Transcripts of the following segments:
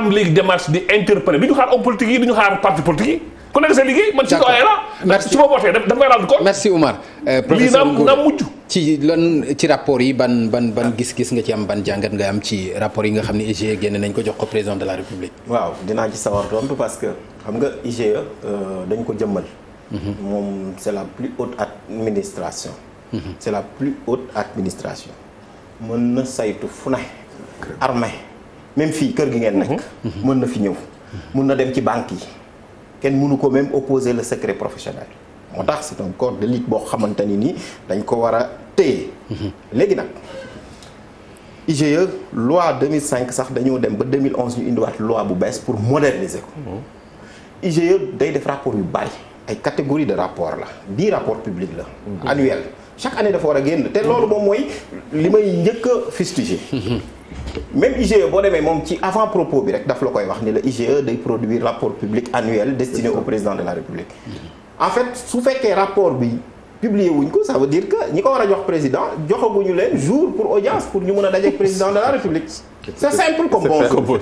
am léegi démarche di interpeller du ñu xaar homme politique yi du ñu xaar parti merci Oumar euh, professeur lii naam lan ci rapport yi ban ban ban gis-gis nga ci am ban jàngat nga am ci rapport yi nga xam ne IGE génn nañ ko jox ko président de la république waaw dinaa ci sawar tontu xam nga IGE euh, dañ ko jëmmal mhm. moom c'est la plus haute administration mhm. c'est la plus haute administration mën na saytu fu ne armée même fii kër gi ngeen nekk. Mhm. mën na fi ñëw. mun na dem ci banque yi kenn mënu ko même opposer le secret professionnel moo tax c'est un de d'élite boo xamante ni nii dañ ko war a téye. Mhm. léegi nag IGE loi cinq sax dañoo dem ba 2011 ñu indiwaat loi bu bees pour moderniser ko. Mhm. IGE day def rapport yu bari ay catégorie de rapport la bii rapport public la. annuel chaque anne dafa war a génn te loolu moom mooy li may njëkk a fustiger. même IGE boo demee moom ci avant propos bi rek daf la koy wax ni la IGE day produire rapport public annuel destiné au président de la République mm-hmm. en fait su fekkee rapport bi publier wuñ ko ça veut dire que ñi ko war a jox président joxaguñu leen jour pour audience pour ñu mën a dajeek président de la République c'est simple comme bonjour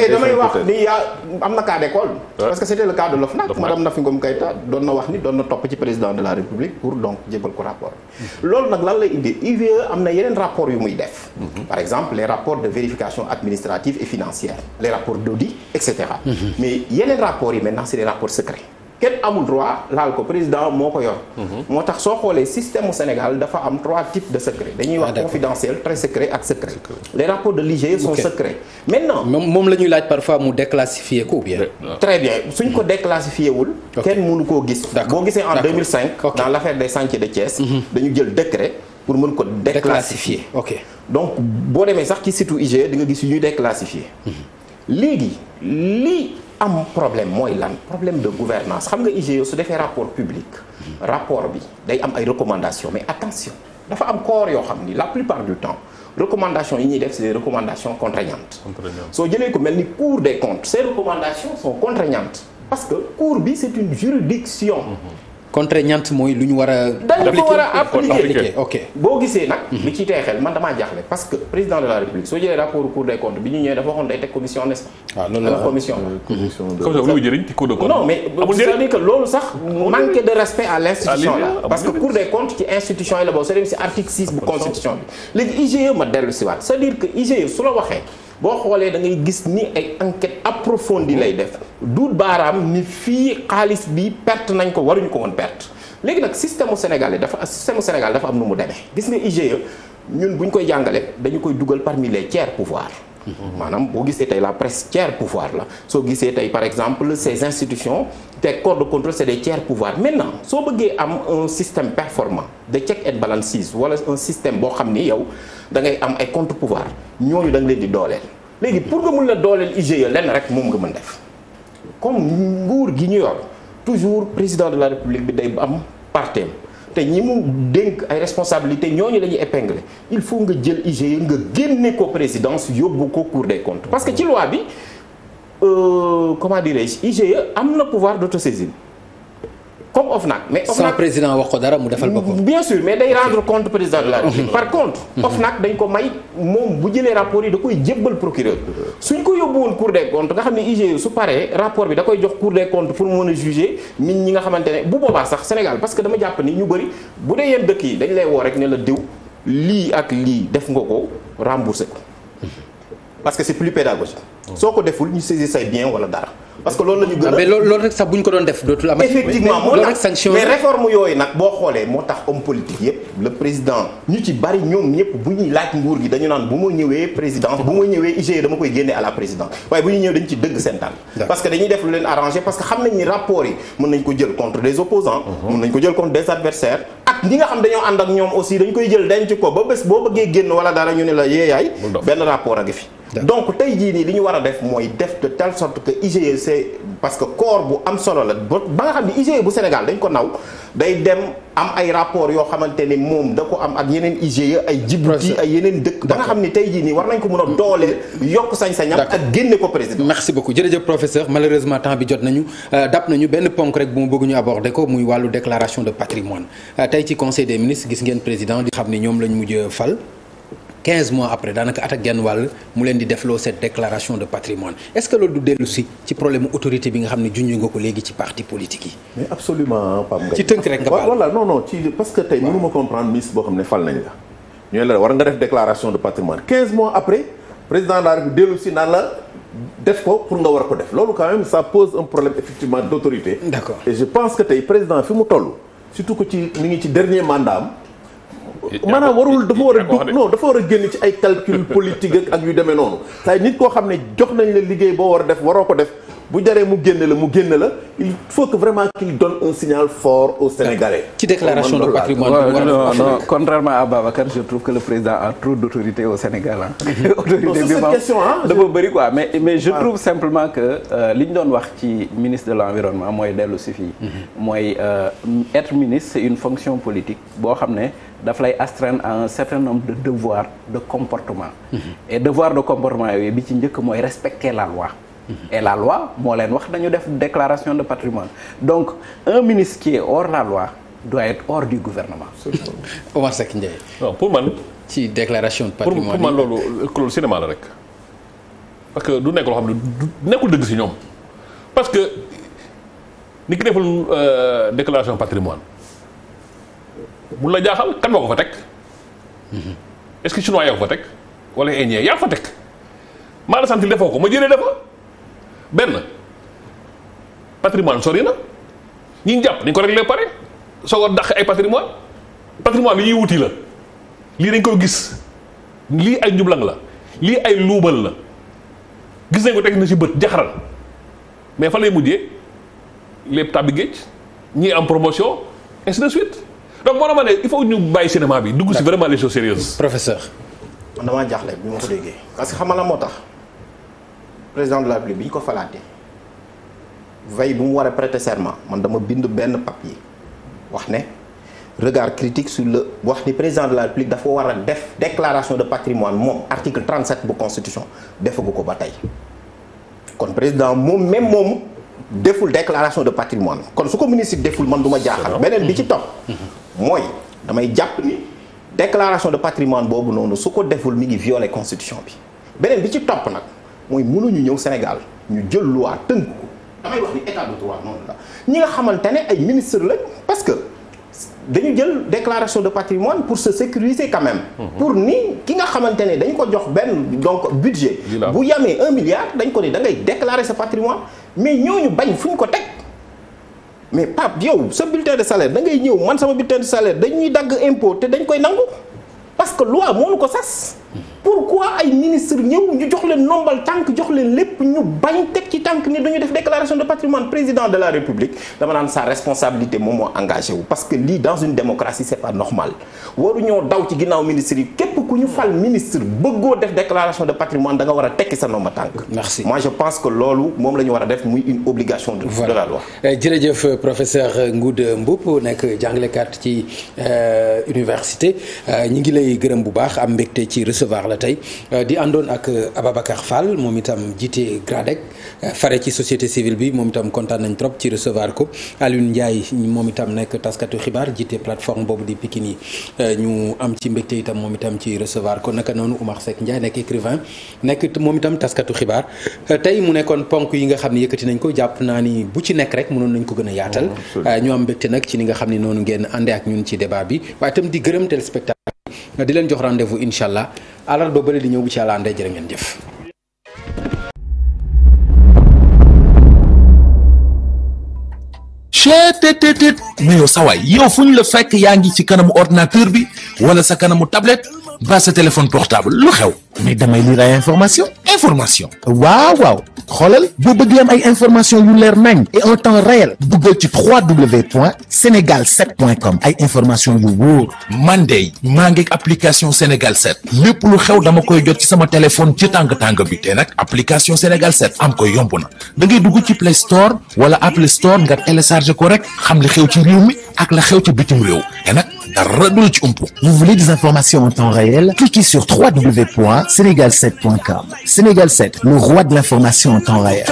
et damay wax ni yaa am na cas d'école parce que c'était le cas de l'OFNAC madame Nafi Ngom Keïta doon na wax ni doon na topp ci président de la République pour donc jégal ko rapport mhm. loolu nag lan lay indi IVE am na yeneen rapport yu muy def mhm. par exemple les rapports de vérification administrative et financière les rapports d'audit et cetera mhm. mais yeneen rapports yi maintenant c'est des rapports secrets kenn amul droit laal ko président moo ko yor. Mhm. moo tax soo xoolee système mu Sénégal dafa am trois types de secret dañuy wax ah, confidentiel très secret ak secret. les rapports de l'IGE sont secrets. maintenant moom moom la laaj parfois mu déclassifier ko euh, très bien suñ ko mhm. déclassifié kenn mënu koo gis. boo gisee en 2005. dans l'affaire des de Thiès. Mhm. dañu jël décret pour mën ko déclassifier. donc boo demee sax ci site IG e, da gis yu ñuy déclassifié. léegi lii. am problème mooy lan problème de gouvernance xam nga IGE su defee rapport public rapport bi day am ay recommandations mais attention dafa am core yoo xam ni la plupart du temps recommandations yi ñuy def c'est des recommandations contraignantes soo jëlee ko mel ni cour des comptes ces recommandations sont contraignantes parce que cour bi c'est une juridiction mm-hmm. contraignante mooy lu ñu war dañ ko war a appliquer boo gisee nag. li ciy tey xel man damaa jaaxle parce que président de la république soo jëlee rapport cour des comptes bi ñu ñëwee dafa waxoon day teg commission n'est-ce pas. waaw ah, mm-hmm. de respect à l'institution ah, la parce que cour des comptes ci institution yi la boobu cest dire ci article bu constitution bi léegi IGE ma dellu si waat cest dire que IGE su la waxee. boo xoolee da ngay gis ni ay enquête approfondie lay def duut baaraam ni fii xaalis bi perte nañ ko waruñu ko woon perte léegi nag système mu Sénégal dafa système mu Sénégal dafa am nu mu demee gis nga IGE ñun bu ñu koy jàngale dañu koy dugal parmi les tiers pouvoir maanaam boo gisee tey la presse tiers pouvoir la soo gisee tey par exemple ces institutions te corps de contrôle c'est des tiers pouvoir maintenant soo bëggee am un système performant de check and balances wala un système boo xam ni yow dangay am ay contre pouvoir ñooñu da leen di dooleel léegi pour nga mun la dooleel IGE lenn rek moom nga mën def comme nguur gi ñu yor toujours président de la république bi day am parteem te ñi mu dénk ay responsabilité ñooñu la ñuy épingler il faut nga jël IGE nga génne ko présidence yóbbu ko cour des comptes parce que ci loi bi euh, comment dirais-je IGE am na pouvoir d'autosaisine comme OFNAC mais OFNAC sans président wax ko dara mu defal boppam bien sûr mais day rendre compte président de la République par contre mhm. OFNAC dañ ko may moom bu jëlee rapport yi da koy jébbal procureur suñ ko yóbbu woon cour des comptes nga xam ne IGE su paree rapport bi da koy jox cour des comptes pour mën a juger nit ñi nga xamante ne bu boobaa sax Sénégal parce que dama jàpp ni ñu bari bu dee yenn dëkk yi dañ lay woo rek ne la diw lii ak lii def nga ko remboursé ko mhm. parce que c'est plus pédagogique oh. soo ko deful ñu saisir say bien wala dara parce que loolu la ñu gën a ah, mais loolu rek sax bu ñu ko doon def dootul am. effectivement moo tax mais réforme yooyu nag boo xoolee moo tax homme politique yëpp le président ñu ci bari ñoom ñëpp bu ñuy laaj nguur gi dañu naan bu ma ñëwee président bu ma ñëwee IGE dama koy génnee à bu ñu ñëwee dañu ci dëgg seen tànk parce que dañuy def lu leen arrangé parce que xam nañ rapport yi mën nañ ko jël contre des opposants mhm. mën nañ ko jël contre des adversaires ak ñi nga xam dañoo ànd ak ñoom aussi dañ koy jël denc ko ba boo bëggee génn wala dara ñu ne a fi donc tey jii nii li ñu war a def mooy def de telle sorte que IGE c'est parce que corps bu am solo la ba nga xam ne IGE bu Sénégal dañ ko naw day dem am ay rapport yoo xamante ne moom da ko am ak yeneen IGE ay Djibouti ay yeneen dëkk ba nga xam ne tey jii nii war nañ ko mën a dooleel yokk sañ-sañam ak génne ko président merci beaucoup jërëjëf professeur malheureusement temps bi jot nañu euh, dab nañu benn ponk rek bu mu bëgg ñu ko muy wàllu déclaration de patrimoine euh, tey ci conseil des ministres gis ngeen président di xam ne ñoom lañ mujj fal 15 mois après daanaka at ak genn wàll mu leen di defloo cette déclaration de patrimoine est-ce que loolu du dellu si ci problème autorité bi nga xam ne junj nga ko léegi ci parti politique yi. ci tënk rek nga baal voilà non ci parce que tey mënu comprendre ministre boo xam ne fal nañ la. ñooy la war nga def déclaration de patrimoine 15 mois après président de la République dellu si naan la def ko pour nga war ko def loolu quand même pose un problème effectivement maanaam warul dafa war a dugg non dafa war a génn ci ay calcul politique ak yu demee noonu. saa nit koo xam ne jox nañ la liggéey boo war a def waroo ko def bu jaree mu génne la mu génn la il faut que vraiment qu'il donne un signal fort aux Sénégalais. ci déclaration de patrimoine ouais, non, non contrairement à Babacar je trouve que le président a trop d'autorité au Sénégal ah. autorité bi moom dafa bëri quoi mais mais je trouve simplement que euh, li ñu doon wax ci ministre de l'environnement mooy dellu si fii. Mhm. mooy euh, être ministre c'est une fonction politique boo xam ne. daf lay astreindre à un certain nombre d devoirs de comportement. Mm -hmm. et de comportement yooyu bi ci njëkk mooy respecter la loi. et la loi moo leen wax dañu def déclaration de patrimoine donc un ministre qui or hors la loi doit être hors du gouvernement. Omar Seck Ndiaye. pour man. ci déclaration de patrimoine pour man loolu loolu cinéma la rek parce que du nekk loo xam ne du nekkul dëgg si ñoom parce que ni ki deful euh, déclaration patrimoine bu la jaaxal kan moo ko fa teg. Mhm. est yaa ko fa teg wala indien yaa ko fa teg maa la sant defoo ko ma jëlee defoo. benn patrimoine sori na ñi ñu jàpp dañ ko réglé pare soog a dàq ay patrimoine patrimoine li ñuy wuti la lii dañ ko gis lii ay njublang la lii ay luubal la gis nañ ko teg na si bët jaxaral mais fa lay mujjee lépp tàbbi géej ñii am promotion ainsi de suite donc moo dama ne il faut ñu bàyyi cinéma bi dugg ci vraiment les choses sérieuses professeur man damaa jaaxle bi ma ko déggee parce que xam nga moo tax président de la République bi ñu ko falaatee veille bu mu war a prêter serment man dama bind benn papier wax ne regard critique su le wax ni président de la République dafa war a def déclaration de patrimoine moom article 37 bu constitution defagu ko ba tey kon président moom même moom deful déclaration de patrimoine kon su ko ministre deful man du jaaxal beneen bi ci mhm. topp mhm. mooy damay jàpp ni déclaration de patrimoine boobu noonu su ko deful mi ngi violer constitution bi beneen bi ci topp mooy mënuñu ñëw Sénégal ñu jël loi tënk ko damay wax ni état de droit noonu ñi nga xamante ne ay ministre lañ parce que dañu jël déclaration de patrimoine pour sa sécuriser quand même mhm. pour ni ki nga xamante ne ko jox benn donc budget bu yamee un milliard dañ ko ne da ngay déclarer sa patrimoine mais ñooñu bañ fu ñu ko teg mais Pape yow sa bulletin de salaire da ngay ñëw man sama bulletin de salaire dañuy dagg impôt te dañ koy nangu parce que loi moonu ko sas mhm. pourquoi ay ministre ñëw ñu jox leen nombal tànk jox leen lépp ñu bañ teg ci tànk ni dañu def déclaration de patrimoine président de la république dama naan sa responsabilité moom moo engagé wu parce que lii dans une démocratie c'est pas normal waru ñoo daw ci ginnaaw ministre yi képp ku ñu fal ministre bëggoo def déclaration de patrimoine da nga war a tekki sa nomba tànk merci moi je pense que loolu moom la ñu war a def muy une obligation de la loi euh, jërëjëf professeur Ngouda Mboup nekk jàngalekat ci euh, université euh, ñi ngi lay gërëm bu baax am ci recevoir la tey euh, di àndoon ak euh, Ababacar Fall moom itam jiite GRADEC euh, fare ci société civile bi moom itam kontaan nañ trop ci recevoir ko Alioune Ndiaye moom itam nekk taskatu xibaar jiite plateforme boobu di Pikine yi ñu am ci mbégte itam moom itam ci recevoir ko naka noonu Oumar Seck Ndiaye nekk écrivain nekk moom itam taskatu xibaar tey mu nekkoon ponk yi nga xam ne yëkkati nañ ko jàpp naa ni bu ci nekk rek mënoon nañ ko gën a yaatal oh, ñu am mbégte nag ci li nga xam ne noonu ngeen àndee ak ñun ci débat bi waaye itam di gërëm téléspectateur di leen jox rendez-vous incha allah àllarba bële di ñëw bu ci àlla ndey jërë ngeen jëf. yow sawaay yow fu ñu la fekk yaa ngi ci kanamu ordinateur bi wala sa kanamu tablette ba sa téléphone portable lu xew mais damay lire ay information information waaw waaw xoolal boo bëgg am ay information yu leer nañ et en temps réel duggal ci www.senegal7.com ay information yu wóor man de maa ngi application Sénégal 7 lépp lu xew dama koy jot ci sama téléphone ci tàng tàng bi te nag application Sénégal 7 am koy yomb na da ngay dugg ci Play Store wala Apple Store nga télécharge ko rek xam la xew ci réew mi ak la xew ci bitim réew dara du la ci umpu. Vous voulez des informations en temps réel? Cliquez sur www.senegal7.com. Sénégal 7, le roi de l'information en temps réel.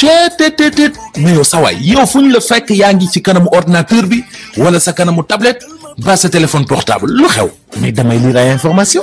cheetetetet mais yow sawaay yow fu ñu la fekk yaa ngi ci kanamu ordinateur bi wala sa kanamu tablette ba sa téléphone portable lu xew mais damay lire ay information